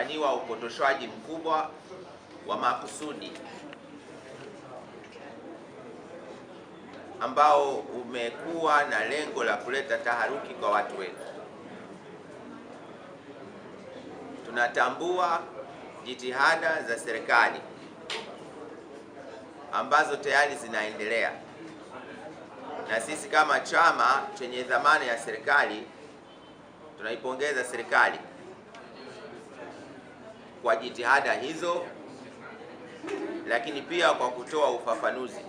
kufanyiwa upotoshwaji mkubwa wa makusudi ambao umekuwa na lengo la kuleta taharuki kwa watu wetu. Tunatambua jitihada za serikali ambazo tayari zinaendelea, na sisi kama chama chenye dhamana ya serikali tunaipongeza serikali kwa jitihada hizo, lakini pia kwa kutoa ufafanuzi,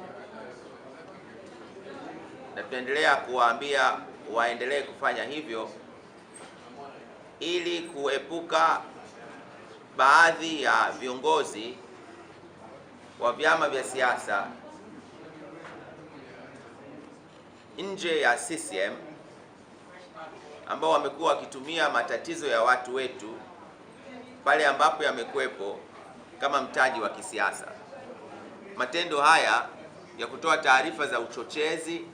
na tunaendelea kuwaambia waendelee kufanya hivyo ili kuepuka baadhi ya viongozi wa vyama vya siasa nje ya CCM ambao wamekuwa wakitumia matatizo ya watu wetu pale ambapo yamekuwepo kama mtaji wa kisiasa. Matendo haya ya kutoa taarifa za uchochezi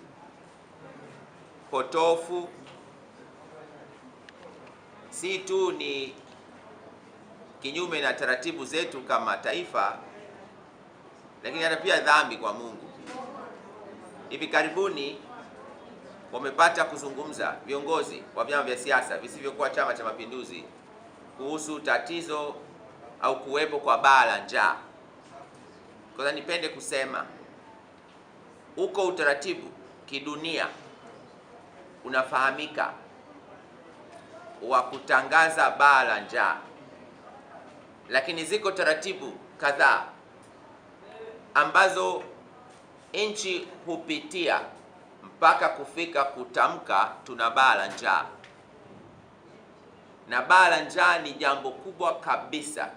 potofu si tu ni kinyume na taratibu zetu kama taifa, lakini hata pia dhambi kwa Mungu. Hivi karibuni wamepata kuzungumza viongozi wa vyama vya siasa visivyokuwa Chama cha Mapinduzi kuhusu tatizo au kuwepo kwa baa la njaa. Kwanza nipende kusema uko utaratibu kidunia unafahamika wa kutangaza baa la njaa, lakini ziko taratibu kadhaa ambazo nchi hupitia mpaka kufika kutamka tuna baa la njaa na baa la njaa ni jambo kubwa kabisa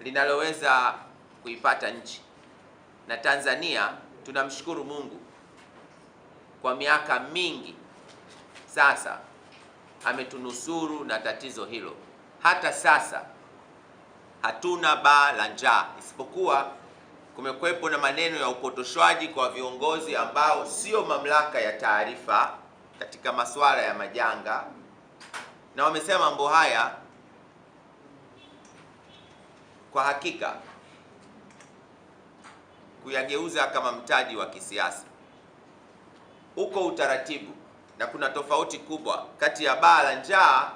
linaloweza kuipata nchi, na Tanzania tunamshukuru Mungu kwa miaka mingi sasa ametunusuru na tatizo hilo. Hata sasa hatuna baa la njaa, isipokuwa kumekwepo na maneno ya upotoshwaji kwa viongozi ambao sio mamlaka ya taarifa katika masuala ya majanga na wamesema mambo haya kwa hakika kuyageuza kama mtaji wa kisiasa uko utaratibu, na kuna tofauti kubwa kati ya baa la njaa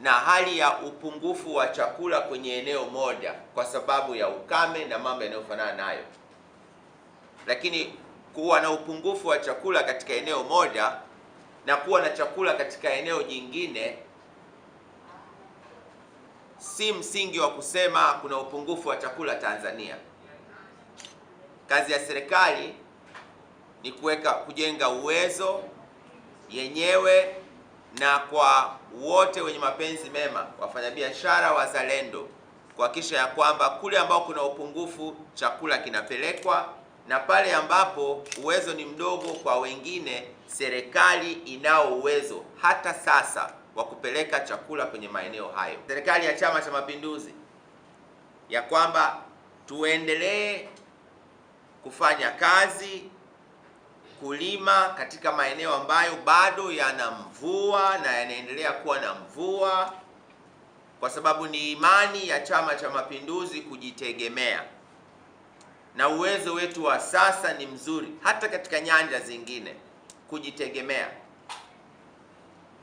na hali ya upungufu wa chakula kwenye eneo moja kwa sababu ya ukame na mambo yanayofanana nayo, lakini kuwa na upungufu wa chakula katika eneo moja na kuwa na chakula katika eneo jingine, si msingi wa kusema kuna upungufu wa chakula Tanzania. Kazi ya serikali ni kuweka kujenga uwezo yenyewe na kwa wote wenye mapenzi mema, wafanyabiashara wazalendo, kuhakikisha ya kwamba kule ambao kuna upungufu chakula kinapelekwa na pale ambapo uwezo ni mdogo kwa wengine, serikali inao uwezo hata sasa wa kupeleka chakula kwenye maeneo hayo. Serikali ya Chama cha Mapinduzi ya kwamba tuendelee kufanya kazi kulima katika maeneo ambayo bado yana mvua na yanaendelea kuwa na mvua, kwa sababu ni imani ya Chama cha Mapinduzi kujitegemea na uwezo wetu wa sasa ni mzuri, hata katika nyanja zingine kujitegemea.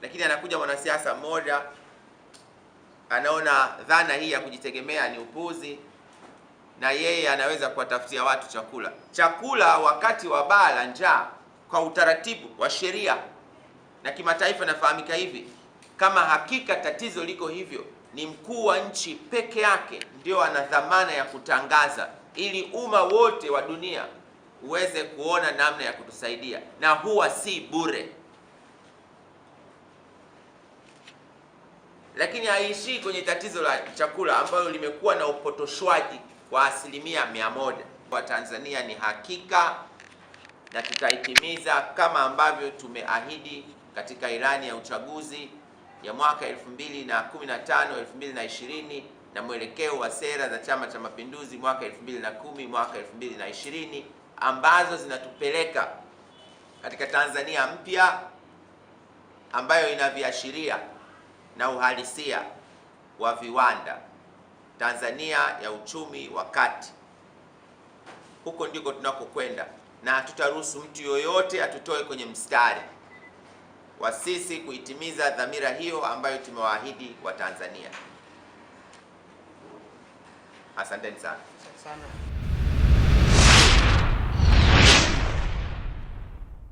Lakini anakuja mwanasiasa mmoja anaona dhana hii ya kujitegemea ni upuzi, na yeye anaweza kuwatafutia watu chakula. Chakula wakati wa baa la njaa kwa utaratibu wa sheria na kimataifa inafahamika hivi. Kama hakika tatizo liko hivyo, ni mkuu wa nchi peke yake ndio ana dhamana ya kutangaza ili umma wote wa dunia uweze kuona namna ya kutusaidia, na huwa si bure. Lakini haiishii kwenye tatizo la chakula ambalo limekuwa na upotoshwaji kwa asilimia mia moja. Kwa Tanzania ni hakika na tutaitimiza kama ambavyo tumeahidi katika ilani ya uchaguzi ya mwaka 2015 2020 na mwelekeo wa sera za Chama cha Mapinduzi mwaka 2010 mwaka 2020 ambazo zinatupeleka katika Tanzania mpya ambayo inaviashiria na uhalisia wa viwanda, Tanzania ya uchumi wa kati. Huko ndiko tunakokwenda, na hatutaruhusu mtu yoyote atutoe kwenye mstari wa sisi kuitimiza dhamira hiyo ambayo tumewaahidi Watanzania. Asanteni sana. Asante sana.